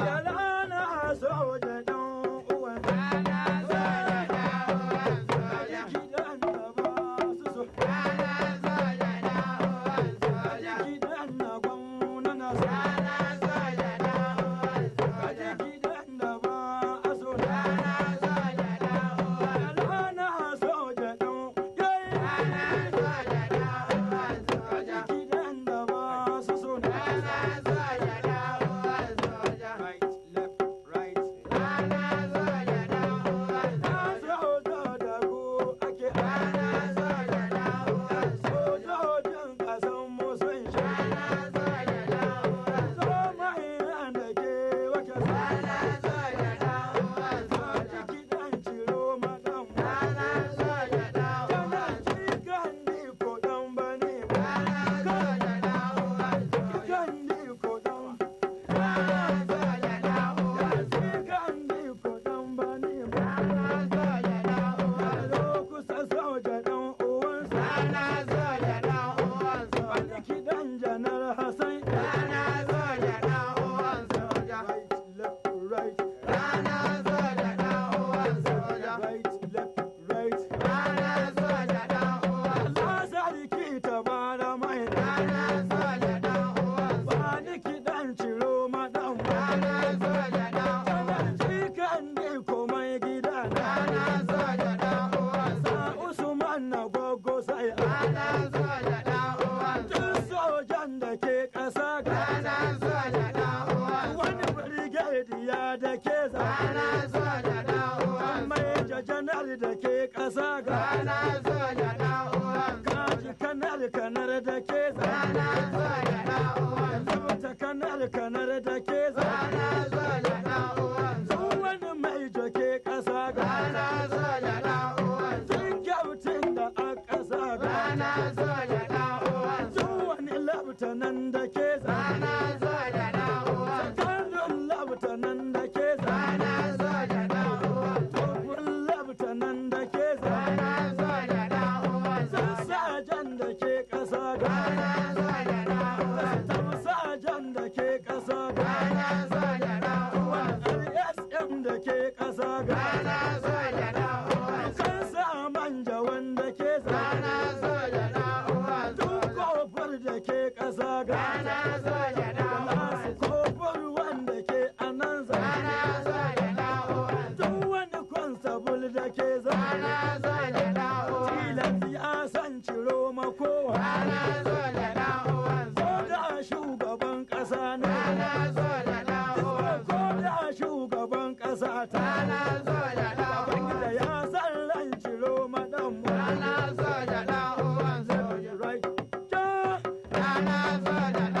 يا الآن أسعود la la soja da ke zana soja da uwan mai janar da ke ƙasa ga zana soja da uwan kaji kanar kanar da ke za. na soja da uwan zuta kanar kanar da ke za. na soja da uwan wani mai joke ƙasa ga na soja da uwan sun kyautin da a ƙasa ga na soja da uwan zuwan nan da ke zana ciro makowa. Rana zo da ɗan uwan zo. da shugaban ƙasa na. Rana zo da ɗan uwan zo. da shugaban ta. zo da ɗan uwan zo. ya san ran ciro mu. zo da ɗan uwan zo. zo da